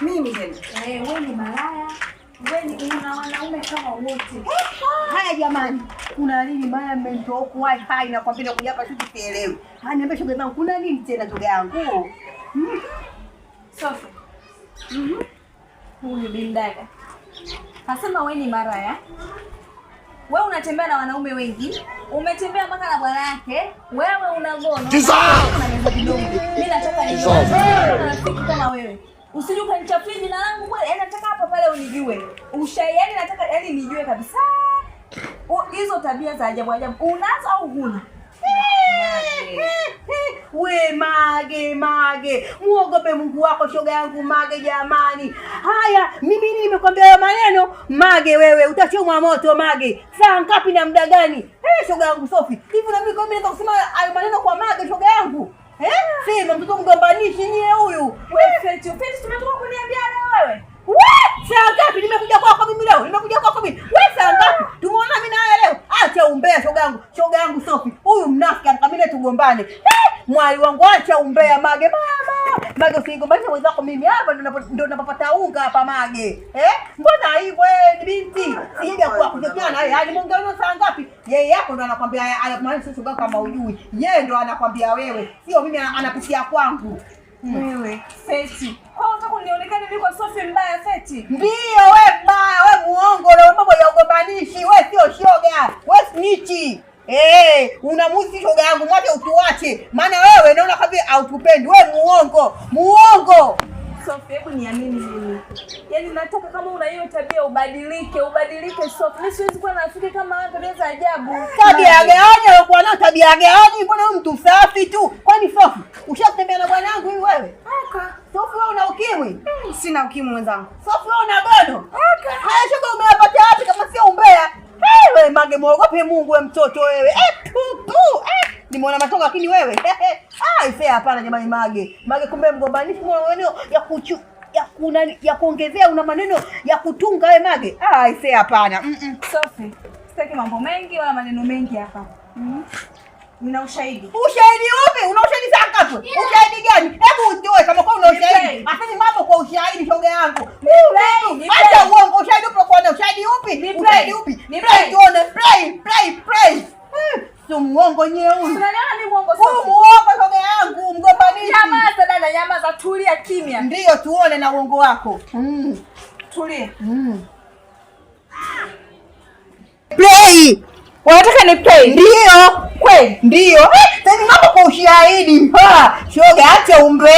mimi eh, wanaume kama Haya jamani, kuna nini baya? Mmemtoa huku hai hai na kwambia kuja hapa sisi sielewi. Hani ambaye shoga zangu, kuna nini tena shoga yangu? Hmm? Sofa. Mhm. Huyu bindada. Nasema wewe ni malaya. Wewe unatembea na wanaume wengi umetembea mpaka na bwana yake, wewe una gono kidogo. kama wewe usije ukanichafua jina langu bwana. Yaani nataka hapa pale unijue ushai, yaani nataka yaani nijue kabisa hizo tabia za ajabu ajabu unazo au huna? we mage mage, muogope Mungu wako shoga yangu mage. Jamani, haya mimi nimekwambia hayo maneno mage, wewe utachomwa moto mage. Saa ngapi na muda gani? Hey, eh, shoga yangu Sofi, hivi na mimi kwa kusema hayo maneno kwa mage, shoga yangu eh? Sema mtoto mgombanishi nyie huyu wewe eh, Saa ngapi nimekuja kwako mimi leo? Nimekuja kwako mimi. Wewe saa ngapi? Tumeona mimi na wewe leo. Acha umbea shoga yangu. Shoga yangu Sofi tugombane. Eh, mwali wangu acha umbea Mage. Mama, Mage usinigombanishe wenzako mimi hapa ndo napapata unga hapa Mage. Eh? Mbona hivi wewe eh, ni binti? Sija kwa kutetea na Hadi mungu mngeona saa ngapi? Yeye hapo ndo anakwambia mwali sio tunga kama ujui. Yeye ndo anakwambia wewe. Sio mimi anapitia kwangu. Hmm. Wewe, Feti. Kwa nini unionekane mimi kwa Sophie mbaya Feti? Ndio wewe mbaya, wewe muo. baba yangu moja utuache, maana wewe naona kabisa hautupendi wewe, muongo muongo. Sofi, hebu niamini mimi. Yaani nataka kama una hiyo tabia ubadilike, ubadilike Sofi. Mimi siwezi kuwa nafikiri kama wewe tabia za ajabu. Tabia gani kwa nani? Tabia gani? Mbona wewe mtu safi tu? Kwani Sofi, ushatembea na bwana wangu huyu wewe? Aka. Sofi wewe una ukimwi? Hmm, sina ukimwi mwenzangu. Sofi wewe una gono? Aka. Haya shoga umeyapata wapi kama sio umbea? Hey, wewe mage mwogope Mungu wewe mtoto wewe. Eh, tu tu. Simuona matoka lakini wewe. Ah, ifea hapana jamani Mage. Mage kumbe mgombanifu maneno ya kuchu ya kuna ya kuongezea una maneno ya kutunga wewe Mage. Ah, ifea hapana. Mm -mm. Sofi, Sitaki mambo mengi wala maneno mengi hapa. Mm. Nina ushahidi. Ushahidi upi? Una ushahidi saka tu. Ushahidi gani? Hebu ujoe kama kwa una ushahidi. Asante mambo kwa ushahidi shoga yangu. Acha uongo, ushahidi upi kwa ushahidi upi? Ushahidi upi? Ni play tuone. Play, play, play. Sio muongo nyewe huyu. ni muongo sasa. Huyu muongo shoga yangu, mgombanisha. Nyamaza dada, nyamaza, tulia kimya. Ndio tuone na uongo wako. Mm. Tulia. Mm. Play. Unataka ni play? Ndio. Kweli? Ndio. Eh! Sasa mambo kwa ushahidi. Ha, shoga acha umbe.